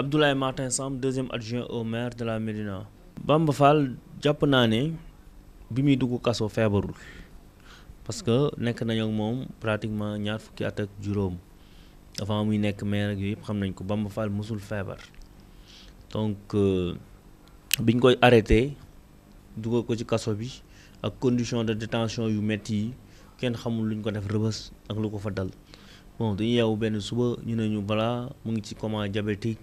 Abdoulaye Martin Samb deuxième adjoint au maire de la Médina. Bamba Fall jàpp naa ne bi muy dugg kaso feebarul parce que nekk nañu ak moom pratiquement ñaar fukki at ak juróom avant muy nekk maire ak yooyu yëpp xam nañ ko Bamba Fall mosul feebar donc euh, biñ koy arrêté dugal ko ci kaso bi ak condition de détention yu métti yi kenn xamul luñ ko def rëbës ak lu ko fa dal bon dañuy yeewu benn suba ñu ne ñu balaa mu ngi ci coma diabétique.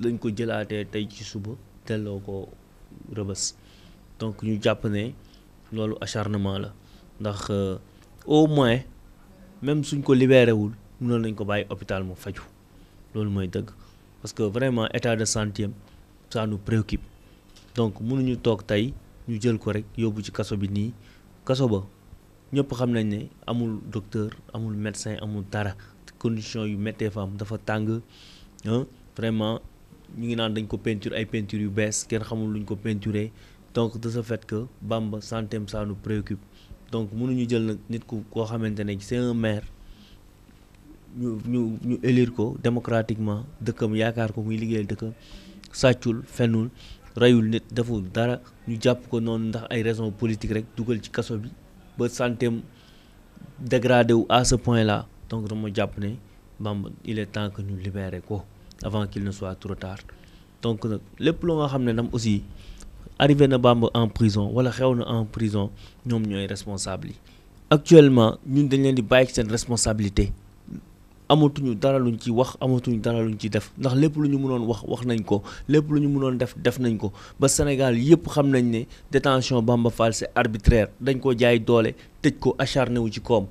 lañ ko jëlaatee tey ci suba delloo ko rëbës donc ñu jàpp ne loolu acharnement la ndax euh, au moins même suñ ko libéré wul lañ ko bàyyi hôpital mu faju loolu mooy dëgg parce que vraiment état de santé am ça donc munuñu toog tey ñu jël ko rek yóbbu ci kaso bi nii kaso ba ñëpp xam nañ ne amul docteur amul médecin amul dara condition yu méttee fa am dafa tàng vraiment ñu ngi naan dañ ko peinture ay peinture yu bees kenn xamul luñ ko peinturé donc de ce fait que Bamba santeem ça nous préoccupe donc mënuñu jël nag nit ku koo xamante ne c'est un maire ñu ñu ñu élire ko démocratiquement dëkkam yaakaar ko muy liggéeyal dëkkam sàccul fenul reyul nit deful dara ñu jàpp ko noonu ndax ay raisons politiques rek dugal ci kaso bi ba santeem dégradé wu à ce point là donc dama jàpp ne Bamba il est temps que ñu libéré ko. avant qu'il ne soit trop tard donc nag lépp lu nga xam nam aussi Arriver na Bamba en prison wala xew na en prison ñoom ñooy responsable yi actuellement ñun dañ leen di bàyyi seen responsabilité amatuñu dara luñ ci wax amatuñu dara luñ ci def ndax lépp lu ñu mënoon wax wax nañ ko lépp lu ñu mënoon def def nañ ko ba Sénégal yëpp xam nañ ne détention Bamba Fall c'est arbitraire dañ ko jaay doole tëj ko acharné wu ci koom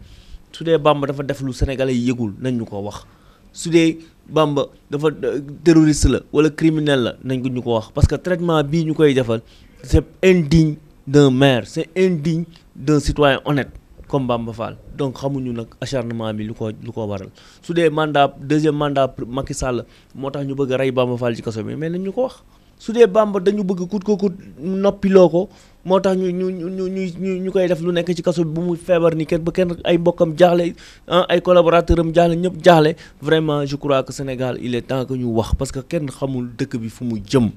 su dee Bamba dafa def lu sénégalais yëgul nañ ñu ko wax su dee Bamba dafa euh, terroriste la wala criminel la nañ ko ñu ko wax parce que traitement bii ñu koy defal c'est indigne d'un maire c'est indigne d'un citoyen honnête comme Bamba Fall donc xamuñu nag acharnement bi lu ko lu ko waral su dee mandat deuxième mandat Macky Sall moo tax ñu bëgg a rey Bamba Fall ci kaso bi mais nañ ñu ko wax su dee Bamba dañu bëgg kut ko kut noppiloo ko moo tax ñu ñu ñu ñu ñu koy def lu nekk ci kaso bi bu mu feebar ni kenn ba kenn ay mbokkam jaaxle ah, ay collaborateur am jaaxle ñëpp jaaxle vraiment je crois que Sénégal il est temps que ñu wax parce que kenn xamul dëkk bi fu mu jëm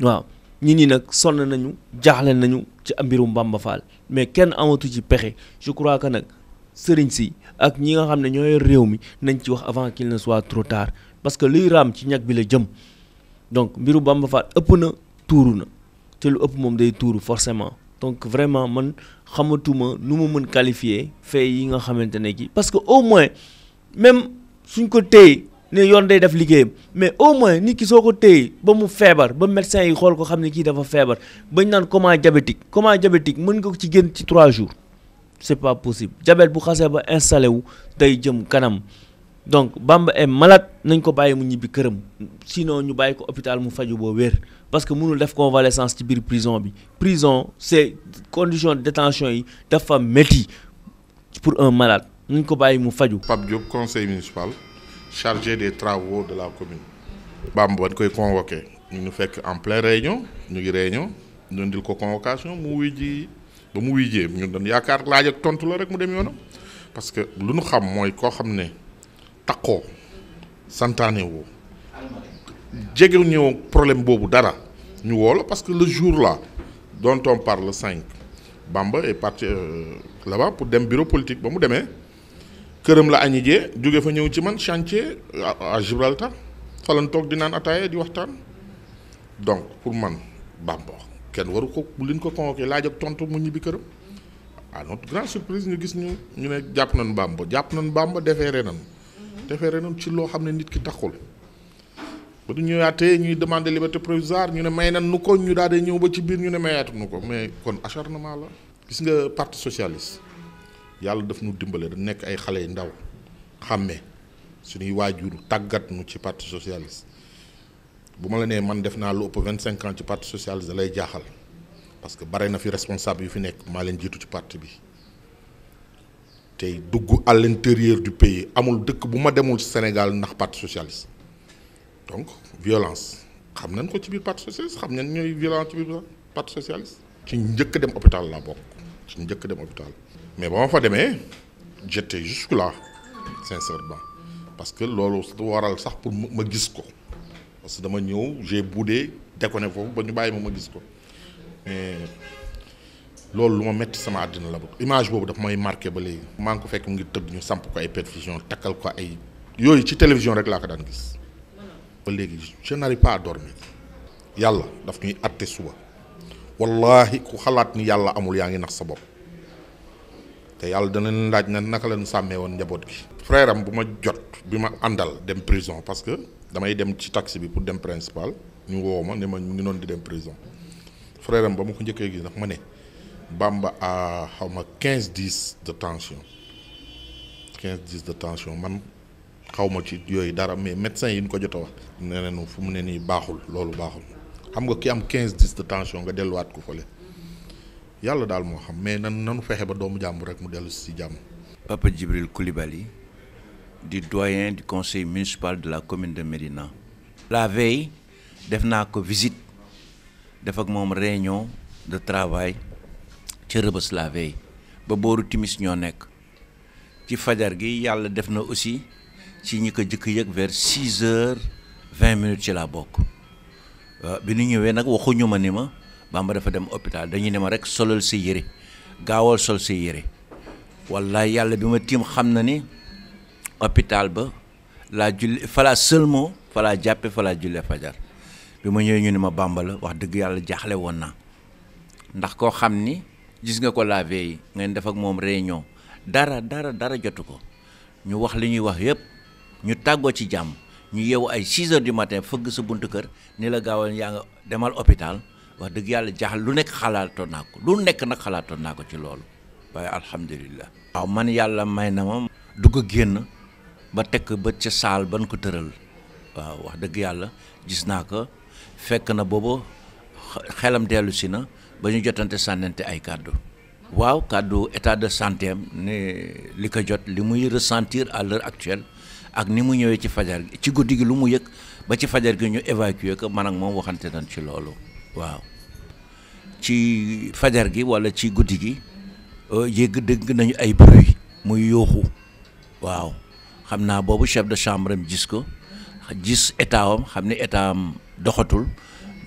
waaw ñi ñi nag sonn nañu jaaxle nañu ci mbirum Bamba Fall mais kenn amatu ci pexe je crois que nag sëriñ si ak ñi nga xam ne ñooy réew mi nañ ci wax avant qu'il ne soit trop parce que luy ci ñag bi la jëm donc mbiru Bamba Fall ëpp na tuuru na te lu ëpp forcément donc vraiment man xamatuma nu ma qualifier fait yi nga xamante ne parce que au moins même suñ ko téye ne yoon day def mais au moins nit ki soo ko téye ba mu ba médecin yi xool ko ne dafa feebar bañ naan coma diabétique coma diabétique mën nga ci génn ci trois jours c'est pas possible diabète bu xasee installé wu jëm donc Bamba est malade nañ ko mu ñibi sinon ñu bàyyi ko hôpital mu faju bo parce que mënul def convalescence ci la prison La prison c'est condition de détention yi dafa pour un malade nañ ko bàyyi mu faju Pape Diop conseil municipal chargé des travaux de la commune Bamba koy convoqué ñu fekk en pleine réunion ñu ngi réunion ñu ndil ko convocation mu wuy ji ba mu wuy jee nous yaakaar laaj ak tontu la rek mu dem parce que lu ñu xam savons, ko xamné takkoo santaane woo jege ñëw problème boobu dara ñu woola parce que le jour la dont on parle le 5 Bamba est parti euh, la bas pour dem bureau politique ba mu demee këram la añi jee jóge fa ñëw ci man chantier à Gibraltar fa toog di naan ataaya di waxtaan donc pour man Bamba kenn waru ko bu liñ ko convoqué laaj ak tontu mu ñibbi këram à notre grande surprise ñu gis ñu ñu ne jàpp baam Bamba jàpp nañ Bamba defeere nañ defeere nañ ci loo xam ne nit ki taxul ba du ñëwaatee ñuy demande liberté provisoire ñu ne may nan nu ko ñu daal di ñëw ba ci biir ñu ne mayaatu nu ko mais kon acharnement la. gis nga parti socialiste yàlla def nu dimbale da nekk ay xale yu ndaw xàmmee suñuy waajur tàggat nu ci parti socialiste bu ma la nee man def naa lu ëpp vingt cinq ans ci parti socialiste da lay jaaxal parce que bare na fi responsable yu fi nekk maa leen jiitu ci parti bi. tey dugg à l'intérieur du pays amul dëkk bu ma demul Sénégal ndax parti socialiste donc violence xam nañ ko ci biir parti socialiste xam nañ ñooy violence ci parti socialiste. ci ñëk dem hôpital la bok. ci njëkk dem hôpital mais bama fa démé, j'étais jusque là sincèrement parce que loolu waral sax pour ma gis ko parce que dama ñëw j'ai boudé déconné foofu ba ñu bàyyi ma ma gis ko mais loolu lu ma métti sama àddina la image boobu daf may marqué ba léegi. maa ngi ko fekk mu ngi tëdd ñu samp ko ay perfusion takkal ko ay yooyu ci télévision rek laa ko daan gis ba léegi je n'arrive pas à dormir yàlla daf ñuy atte suba wallahi ku xalaat ni yàlla amul yaa ngi nax sa bopp te yàlla dana leen laaj na naka lañu sàmmee woon njaboot gi. frère am bu ma jot bi ma àndal dem prison parce que damay dem ci taxi bi pour dem principal ñu woo ma ne ma ñu ngi doon di dem prison frère am ba ma ko njëkkee gis daf ma ne. Bamba a 15 10 de tension 15 10 de tension man xawma ci yoy dara mais médecin yi ñu ko jot a wax nee Il fu mu ne ni baxul loolu baxul xam nga ki am 15 10 de tension nga wat ko fele yalla dal mo xam mais nan nanu fexé ba doomu jàmm rek mu delu ci jàmm. Papa Djibril Koulibaly di doyen du conseil municipal de la commune de Médina. la veille def naa ko visite def ak une réunion de travail. ca rëbës la veille ba booru timis ñoo nekk ci fajar gi yàlla def na aussi ci ñi ko jëkk yëg vers six heures vingt minutes ci laa bokk euh, bi nu ñëwee nag waxuñu ma ni ma Bamba dafa dem hôpital dañu ne ma rek solal sa yére gaawal sol sa yére wallaay yàlla bi ma tiim xam na ni hôpital ba laa julli falaa seulement falaa jàppe falaa jullee fajar bi ma ñëwee ñu ne ma Bamba la wax dëgg yàlla jaaxle woon naa ndax koo xam ni gis nga ko la veille ngeen def ak moom réunion dara dara dara jotu ko ñu wax li ñuy wax yépp ñu tàggoo ci jàmm ñu yeewu ay 6 heures du matin fëgg sa buntu kër ni la gaawal yaa nga demal hôpital wax dëgg yàlla jaaxal lu nek xalaatoon naa ko lu nekk nag xalaatoon ci alhamdulillah waaw man yàlla may na ma dugg génn ba tekk ba ca saal ban ko tëral waaw wax dëgg yàlla gis naa ko fekk na boobu xelam ba ñu jotante sànnante ay kàddu waaw kàddu état de santé am li ko jot li muy ressentir à l'heure actuelle ak ni mu ñëwee ci fajar gi ci guddi gi lu mu yëg ba ci fajar gi ñu évacuer ko man ak moom waxante nañ ci loolu waaw ci fajar gi walla ci guddi gi euh, yëgg dégg nañu ay bruit muy yooxu waaw xam naa boobu chef de chambre am gis ko gis état am xam ni état doxatul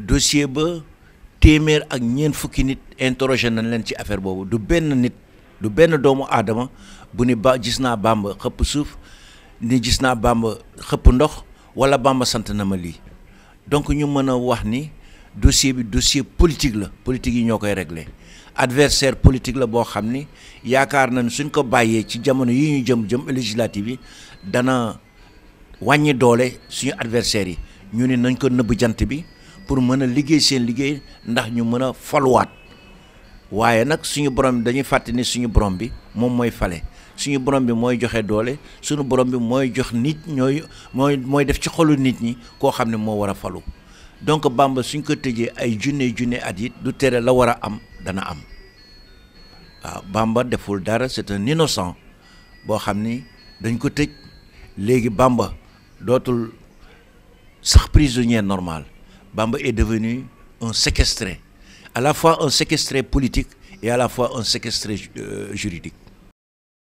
dossier ba téeméer ak ñeent fukki nit interrogé nañ leen ci affaire boobu du benn nit du benn doomu aadama bu ni ba gis naa Bamba xëpp suuf ni gis naa Bamba xëpp ndox wala Bamba sant na ma lii donc ñu mën a wax ni dossier bi dossier politique la politique yi ñoo koy réglé adversaire politique la boo xam ni yaakaar nañ suñ ko bàyyee ci jamono yi ñu jëm jëm législative yi dana wàññi doole suñu adversaire yi ñu ne nañ ko nëbb jant bi pour mën a liggéey seen liggéey ndax ñu mën a faluwaat waaye nag suñu borom bi dañuy fàtte ni suñu borom bi moom mooy fale suñu borom bi mooy joxe doole suñu borom bi mooy jox nit ñooy mooy mooy def ci xolu nit ñi koo xam ne moo war a falu donc Bamba suñ ko tëjee ay junne junne at yi du tere la war a am dana am waaw bàmba deful dara c'est un innocent boo xam ni dañ ko tëj léegi bàmba dootul sax prisonnier normal Bamba est devenu un séquestré, à la fois un séquestré politique et à la fois un séquestré euh, juridique.